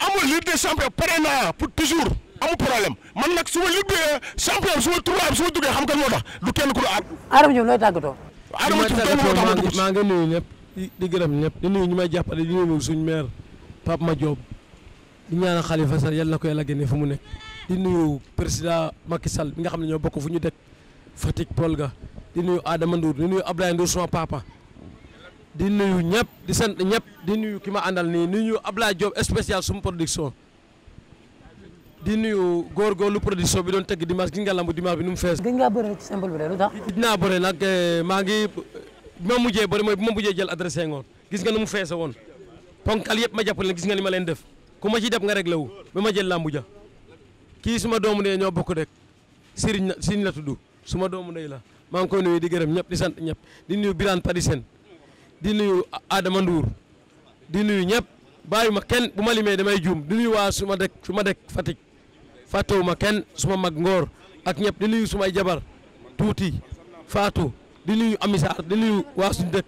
amul pour toujours amu problème man nag su ma liggéeyee champion su ma tubaab su ma duggee xam kan moo tax du kenn ku la Adama Diouf looy nuyu ñëpp di gërëm ñëpp di nuyu ñu jàppale di nuyu suñu maire Pape Madiop di yàlla na génne fu mu nekk di nuyu président Macky Sall bi nga xam ne ñoo bokk fu ñu dëkk Fatick Polga di nuyu Adama Ndour di nuyu ñëpp di sant ñëpp di nuyu ki ma àndal nii ñu nuyu Abdoulaye Diop spécial suma production di nuyu góorgóorlu production bi doon tëgg dimanche gi nga lamb dimanche bi nu mu fees. gëj ngaa bëre ci simple bi de lu tax. dinaa bëre nag eh, maa ngi bi ma mujjee bëre mooy bi ma mujjee jël adressé ngoon gis nga nu mu feese woon ponkal yëpp ma jàppale gis nga ni ma leen def ku ma ci def nga rek wu ba ma jël lambu ja kii suma doomu ndey ñoo bokk rek Serigne la Serigne la tudd suma doomu ndey la maa ngi koy nuyu di gërëm ñëpp di sant ñëpp di nuyu Birane Padisen di nuyu Adama Ndour di nuyu ñëpp bàyyi ma kenn bu ma limee damay juum di nuyu waa suma dëkk suma dëkk Fatick ma kenn suma mag ngoor ak ñëpp di nuyu sumay jabar tuuti faatu di nuyu amisaar di nuyu waa suñu dëkk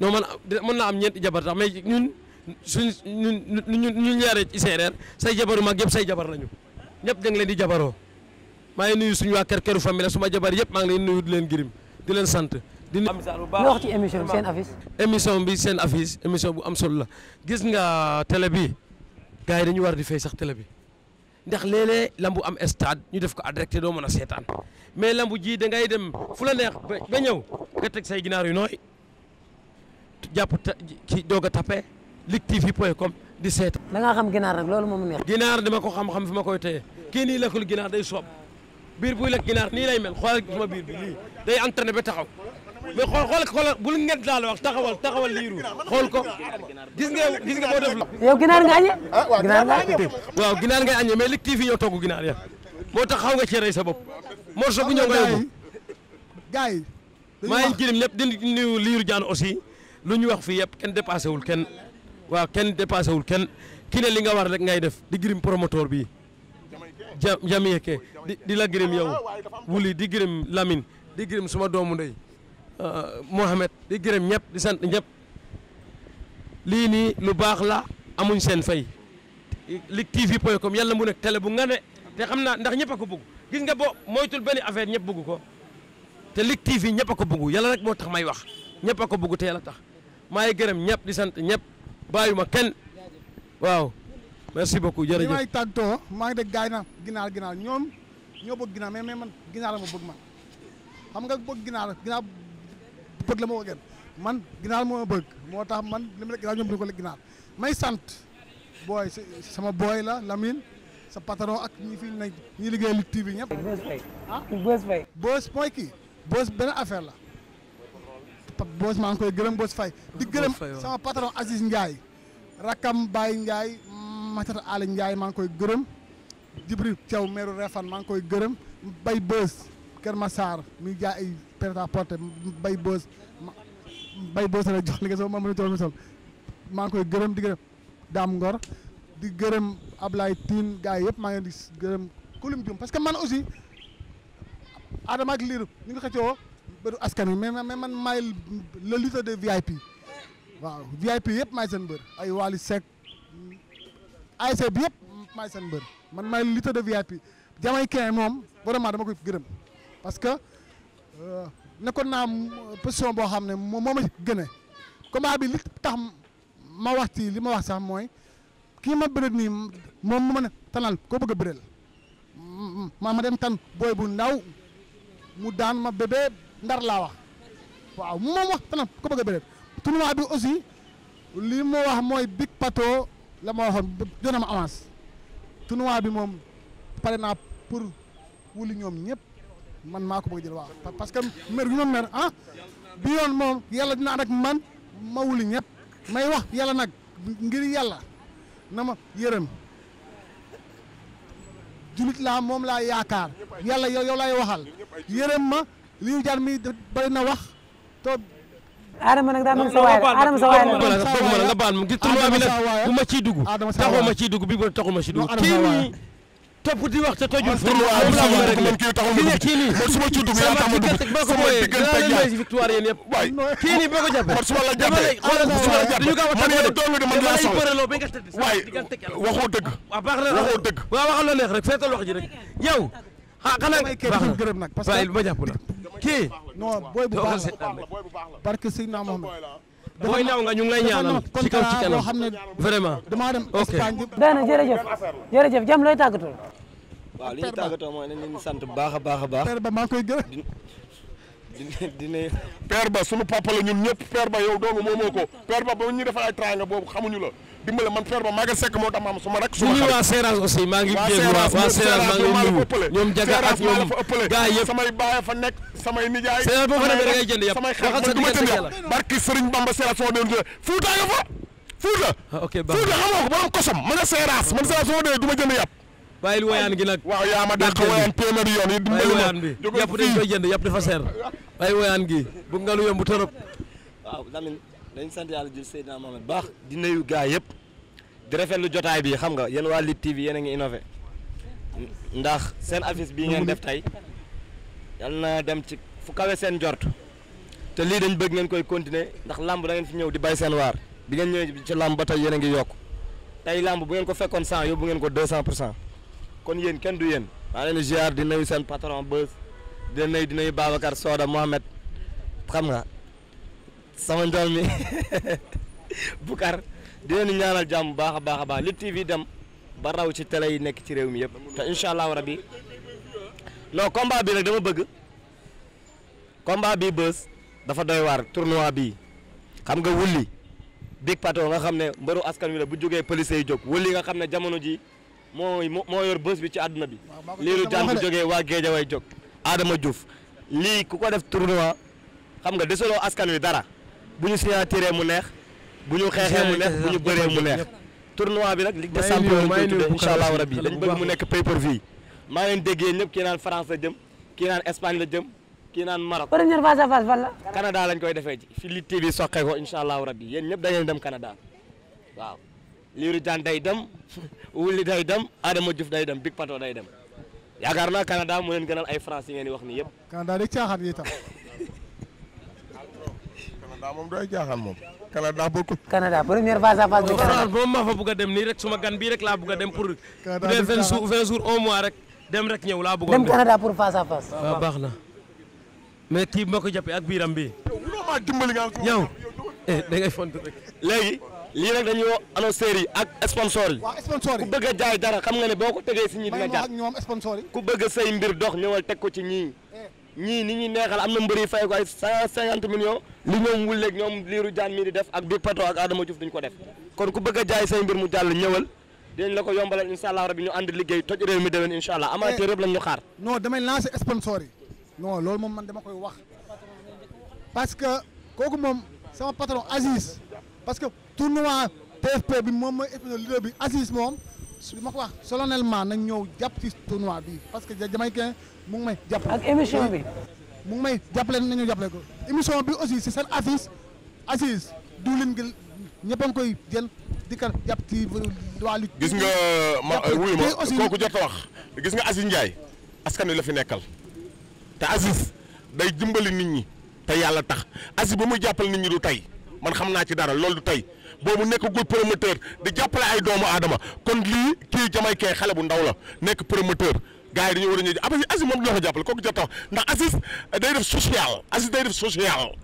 non man mën naa am ñeenti jabar sax mais ñun suñ ñun ñu ñun yaree ci séeréer say jabaru mag yëpp say jabar lañu ñëpp da nga leen di jabaroo maa ngi nuyu suñu waa kër këru famille la suma jabar yëpp maa ngi leen nuyu di leen gërëm di leen sant. di wax ci émission bi seen affiche. émission bi seen affiche émission bu am solo la gis nga télé bi gars yi dañu war di fay sax télé bi. ndax léeg-léeg lambu am stade ñu def ko adrecté doo mën a seetaan mais lambu ji dangay dem fu la neex ba ñëw nga teg say ginaar yi nooy jàpp ci doog a tapé luttetv point com di seetaan. da ngaa xam ginaar nag loolu moo neex. ginaar dama ko xam-xam fi ma koy téye kii nii lekkul ginaar day soob biir buy lekk ginaar nii lay mel xoolal suma biir bi day entraîné ba taxaw mais xool xool xoolal bul ngeen daal wax taxawal taxawal liiru xool ko gis nga gis nga boo def la. yow ginaar nga aññe. ah waaw ginaar nga aññe. waaw ginaar nga aññe mais Lutte TV ñoo togg ginaar moo tax xaw nga sa bopp. morso bu ñëw nga ngi jëriñ ñëpp di nuyu liiru jaan aussi lu ñu wax fii yëpp kenn dépassé wul kenn waaw kenn dépassé wul kenn ki li nga war rek ngay def di gërëm promoteur bi ja Jamieke di la gërëm yow wuli di gërëm Lamine di gërëm suma doomu ndey Euh, Mohamed di gërëm ñëpp di sant ñëpp lii nii lu baax la amuñ seen fay Lutte TV point com yàlla mu nekk tele bu nga ne te xam naa ndax ñëpp a ko bëgg gis nga boo moytul benn affaire ñëpp bëgg ko te Lutte TV ñëpp a ko bugg yàlla rek moo tax may wax ñëpp a ko bugg te yàlla tax maa ngi gërëm ñëpp di sant ñëpp bàyyuma kenn waaw merci beaucoup jërëjëf may tàggatoo maa ngi dégg gaay na ginaar ginaar ñoom ñoo bëgg ginaar mais mais man la ma xam nga bëgg ginaar ginaar bëgg la ma wageen man ginaar moo ma bëgg moo tax man li ma ginaar ñoom duñu ko lekk ginaar may sant booy sama booy la lamin sa patron ak ñi fi nekk ñi liggéey Lutte TV ñëpp. ah Boos Faye. Boos mooy kii Boos benn affaire la Boos maa ngi koy gërëm Boos Faye di gërëm sama patron Aziz Ndiaye rakam Baye Ndiaye Matata Ali Ndiaye maa ngi koy gërëm Jibril Thiaw meeru Refane maa ngi koy gërëm Bay Boos Kër Massar mi jaay prêt à porter bay boos bay boos rek jox li nga ma mën a jox li sol maa ngi koy gërëm di gërëm Dame Ngor di gërëm ab Tine gars yi yëpp maa ngi di gërëm kulum parce que man aussi Adama ak Lirou ñu ngi xëccoo bëru askan wi mais mais man maay le lutteur de VIP waaw VIP yëpp maay seen mbër ay Wally Seck ASC bi yëpp may seen mbër man maay lutteur de VIP jamaïcain moom vraiment dama koy gërëm parce Euh, nekkoon naa position boo xam ne moo ma gën a combat bi li tax ma wax ci li ma wax sax mooy kii ma bëreet nii moom mu ma ne tanal koo bëgg a ma ma dem tan booy bu ndaw mu daan ma bébé ndar laa wax waaw moom wax tanal ko bëgg a bëreel bi aussi li ma wax mooy big pato la ma waxoon jox na ma avance tournoi bi moom pare naa pour wuli ñoom ñëpp man maa ko bëgg jël waaw parce que mer bi ma mer ah bi yoon moom yàlla dina ànd ak man ma wuli ñëpp may wax yàlla nag ngir yàlla na ma yërëm julit laa moom laa yaakaar yàlla yow laay waxal yërëm ma liu jaan mi bari na wax to Adama nag daa mel sa waay la Adama sa waay la bëgg ma la nga baal ma gis tournoi bi bu ma ciy dugg ciy dugg bi taxuma ciy dugg kii topp di wax te tojul fu mu la ki ne kii nii sama diggante boo ko booyee dinaa leen may si victoire yéen yëpp kii nii boo ko jàppee dama lay xoolal dañu ko wax tàggoo de dama lay bëreloo ba nga tëdd sama diggante waxoo dëgg waaw baax na waxoo dëgg waaw waxal loo neex rek feetal wax ji rek yow ah xanaa baax na gërëm nag parce que ma jàpp la kii non booy bu baax la parce que Seydina Mohamed booy ndaw nga ñu ngi lay ñaanal ci kaw ci kanam vraiment ok. jërëjëf jërëjëf jam looy tàggatoo waaw li ñu tàggatoo mooy nañ leen sant baax a baax a baax. père ba maa koy gërëm. di di père ba sunu papa la ñun ñëpp père ba yow doomu moomoo ko père ba ba ñu defal ay teraanga boobu xamuñu la dimbale man père ba maa ngi sekk moo tax ma am suma rek. suma xarit waa Seras aussi maa ngi. waa Seras waa Seras maa ngi nuyu ñoom jaga ak ñoom gars yëpp samay baay fa nekk samay nijaay. Seras boo fa demee da ngay jënd yàpp waxal sa diggante yàlla barki Sëriñ Bamba Seras soo doon jënd Fuuta nga fa. Fuuta. Ah, ok baax Fuuta xamoo ko borom kosam man a Seras man Seras soo dee du ma jënd yàpp bàyyil woyaan gi nag. waaw yaa ma dàq woyaan téeméeri yoon yi dimbali ma bi yàpp dañ koy jënd yàpp dafa seer bàyyi woyaan gi bu nga lu yomb torop dañ sant yàlla jël Seydina Mohamed baax di nuyu gaa yëpp di rafetlu jotaay bi xam nga yéen waa TV yéen a ngi innové ndax seen affiche bii ngeen def tey yal na dem ci fu kawe seen jort te lii dañ bëgg ngeen koy continuer ndax làmb da ngeen fi ñëw di bay seen waar bi ngeen ñëwee ci làmb ba tey yéen a ngi yokk tey làmb bu ngeen ko fekkoon 100 yóbbu ngeen ko 200 pour cent kon yéen kenn du yéen maa leen di ziar di nuyu seen patron Beuz di nuyu di nuyu Babacar Soda Mohamed xam nga sama ndoom mi Bukar di leen ñaanal jàmm baax a baax a baax li TV dem ba raw ci télé yi nekk ci réew mi yëpp te incha allahu rabi non combat bi nag dama bëgg combat bi Beuz dafa doy waar tournoi bii xam nga wulli big pato nga xam ne mbëru askan wi la bu jógee police yi jóg wulli nga xam ne jamono ji mooy moo yor bës bi ci àdduna bi. lii lu jant jógee waa Géejawaay jog Adama Diouf lii ku ko def tournoi xam nga desolo askan wi dara bu ñu signatiree mu neex bu ñu xeexee mu neex bu ñu bëree mu neex. tournoi bi nag Ligue des champions lañ koy tuddee incha allahu rabi bëgg mu nekk pay per view maa leen déggee ñëpp kii naan France la jëm kii naan Espagne la jëm kii naan Maroc. première face à face fan la. Canada lañ koy defee ci fi li TV soqee ko incha allahu rabi yéen ñëpp da ngeen dem Canada waaw. Lirou Diane day dem Wuli day dem Adama Diouf day dem Big Pato day dem yaakaar naa Canada mu leen gënal ay France yi ngeen di wax nii yëpp. Canada di caaxaan yi tam. Canada moom doy caaxaan moom. Canada bokkul. Canada première phase à phase bi. France moom maa fa bëgg dem nii rek suma gan bi rek laa bëgg a dem pour. Canada di vingt jours un mois rek dem rek ñëw laa bëgg dem Canada pour face a face. waaw baax na mais kii bi ma ko jàppee ak biiram bii. yow mënoo maa dimbali nga. yow eh, rek lii nag dañoo annonceurs yi ak sponsors yi. waaw yi ku bëgg jaay dara xam nga ne boo ko tegee si ñii dina jàpp ku bëgg say mbir dox ñëwal teg ko ci ñii. Eh. ñii ni ñuy neexal am na mbër yi fay ko ay cent cinquante millions. li ñoom wuleeg ñoom liiru jaan mii di def ak Big Pato ak Adama Diouf duñ ko def kon ku bëgg a jaay say mbir mu jàll ñëwal. dinañ la ko yombalal incha allah rabi ñu ànd liggéey toj réew mi déwén incha allah amateur yëpp lañ ñu xaar. Eh. non damay lancer sponsor yi. non loolu moom man dama koy wax. parce que kooku moom sama patron parce que tournoi TFP bi moom mooy épisode leader bi Aziz moom li ma ko wax solennellement nañ ñëw jàpp ci tournoi bi parce que Jamaïcain mu ngi may jàppale. ak émission bi. mu ngi may jàppale nañu jàppale ko émission bi aussi si seen Aziz Aziz diwlin gi ñëpp a koy jël di jàpp ci waa lutte. gis nga ma wuyu ma kooku jot a wax gis nga Aziz Ndiaye askan wi la fi nekkal te Aziz day dimbali nit ñi te yàlla tax Aziz ba muy jàppale nit ñi du tey man xam naa ci dara loolu du tey. boobu nekk nekkagul promoteur di jàppale ay doomu aadama kon lii kii Jamaïcain xale bu ndaw la nekk promoteur gars yi dañu war a ñëw après Aziz moom du la ko jàppale kooku jot ndax Aziz day def social Aziz day def social.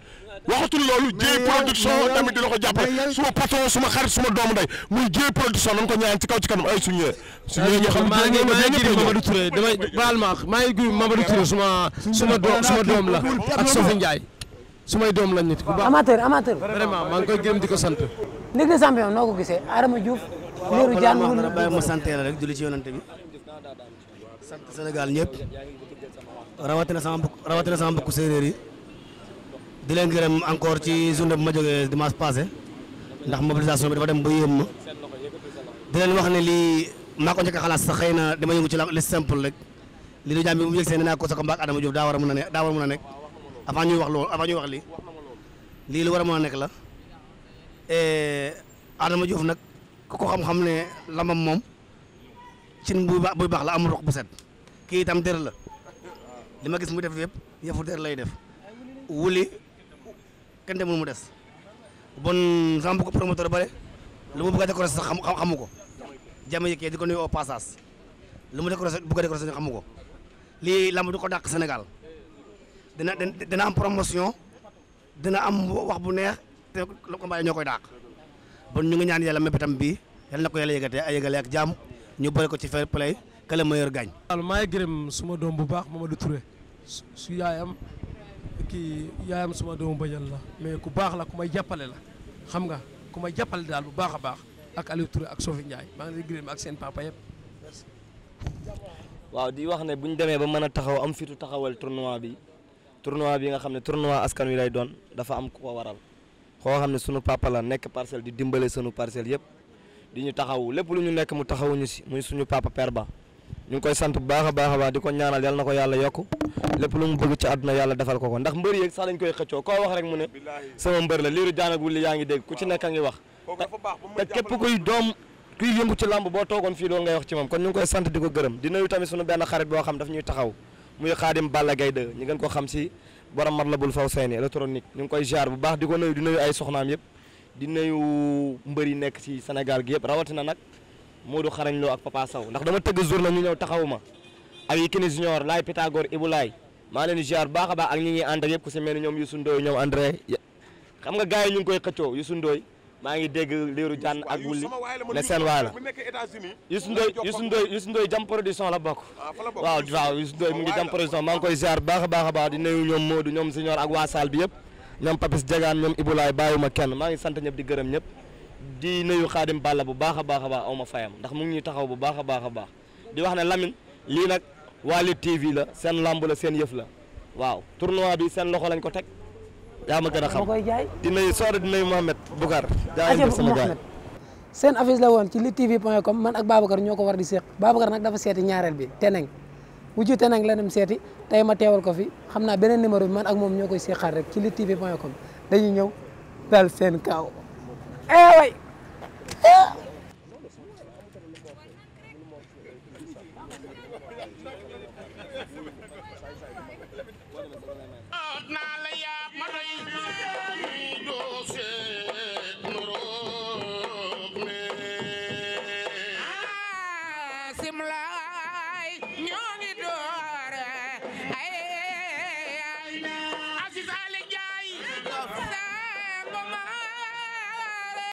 waxatul loolu jéey production tamit dina ko jàppale suma patron suma xarit suma doomu ndey muy jéey production nañ ko ñaan ci kaw ci kanam ay suñu ñëwee suñu ñëwee ñoo xam maa ngi maa ngi gërëm Mamadou Touré damay baal ma maa ngi gërëm Mamadou suma doom la ak Sofi sumay doom lañ nit ku baax vraiment maa ngi koy gërëm di ko sant Ligue des champions noo ko Adama Diouf. Lirou Diane waaw balaa bàyyi ma sant rek julli ci yonante bi sant Sénégal ñëpp rawatina sama mbokk rawatina sama mbokku séeréer yi di leen gërëm encore ci journée bu ma jógee dimanche passé ndax bi dafa dem ba yéem ma di leen wax ne lii maa ko sax xëy na dama yëngu ci la li simple rek Lirou Diane bi bu mu yëg seen naa ko sa combat Adama Diouf daa war a mën a ne a mën ñuy wax loolu avant wax lii lii lu war a a nekk la. Eh, Adama Diouf nag ku ko xam-xam ne lamam moom cin buy baax buy la amul rox bu set kii itam der la li ma gis mu def yëpp yëfu der lay def wuli mu des bon sama mbokku promoteur bare lu mu bëgg a décorer sax xamu ko jàmm yi kee di ko nuyu au passage lu mu décorer bëgg a décorer sax xamu ko lii lamb du ko dàq Sénégal dina dina am promotion dina am wax bu neex. le combat yi ñoo koy dàq bon ñu ngi ñaan yàlla mébétam bi yal na ko yàlla yëgatee ay yëgale ak jàmm ñu bëri ko ci fair play que le meilleur maa ngi gërëm suma doom bu baax Mamadou Touré su yaayam kii yaayam suma doomu bëjal la mais ku baax la ku may jàppale la xam nga ku may jàppale daal bu baax a baax ak Aliou Touré ak Sofi Ndiaye maa ngi leen gërëm ak seen papa yëpp waaw di wax ne bu ñu demee ba mën a taxaw am fitu taxawal tournoi bi tournoi bi nga xam ne tournoi askan wi lay doon dafa am ku ko waral. koo xam ne sunu papa la nekk parcelle di dimbale sunu parcelle yëpp di ñu taxaw lépp lu ñu nekk mu taxawuñu si muy suñu papa père ba ñu ngi koy sant bu baax a baax a baax di ko ñaanal yàlla na ko yàlla yokk lépp lu mu bëgg ci àdduna yàlla defal ko ko ndax mbër yeeg sax dañ koy xëccoo koo wax rek mu ne sama mbër la liiru jaan ak wulli yaa ngi dégg ku ci nekk a ngi wax te képp kuy doom kuy yëngu ci làmb boo toogoon fii loolu ngay wax ci moom kon ñu ngi koy sant di ko gërëm di nuyu tamit suñu benn xarit boo xam daf ñuy taxaw muy xaadim Balla Gaye 2 ñu gën ko xam si borom Matlabul Fawzayni électronique ñu ngi koy jaar bu baax di ko nuyu di nuyu ay soxnaam yëpp di nuyu mbër yi nekk si Sénégal gi yëpp rawatina nag Modou Xarañ Lo ak Papa Sow ndax dama tëgg na ñu ñëw taxawu ma ak Yékini Junior Laay Pythagore Ibou Laay maa leen jaar baax a baax ak ñi ñuy ànd ak yëpp ku si mel ñoom Youssou Ndoye ñoom André xam nga gars yi ñu ngi koy xëccoo Youssou Ndoye maa ngi dégg liiru jànn ak wulli ne seen waay la Youssou Ndoye Youssou Ndoye Youssou Ndoye jam production la bokk ah, waaw waaw Youssou Ndoye mu ngi jam production maa ngi koy ziar baax a baax a baax di nuyu ñoom Modou ñoom Signor ak waa Saal bi yëpp ñoom Papis Diagane ñoom Ibulaay bàyyiwuma kenn maa ngi sant ñëpp di gërëm ñëpp di nuyu Xaadim Balla bu baax a baax a baax aw ma fayam ndax mu ngi ñuy taxaw bu baax a baax a baax di wax ne Lamine lii nag waa Lutte TV la seen lamb la seen yëf la waaw tournoi bi seen loxo lañ ko teg yaa ma gën a xam soore di nuyu Mohamed Boucar jaay sama gaay seen affiche la woon ci luttetv.com man ak Babacar ñoo ko war di seq Babacar nag dafa seeti ñaareel bi teneng wujju teneng la dem seeti tey ma teewal ko fi xam naa beneen numéro bi man ak moom ñoo koy seqaat rek ci luttetv.com dañuy ñëw dal seen kaw eh way eh.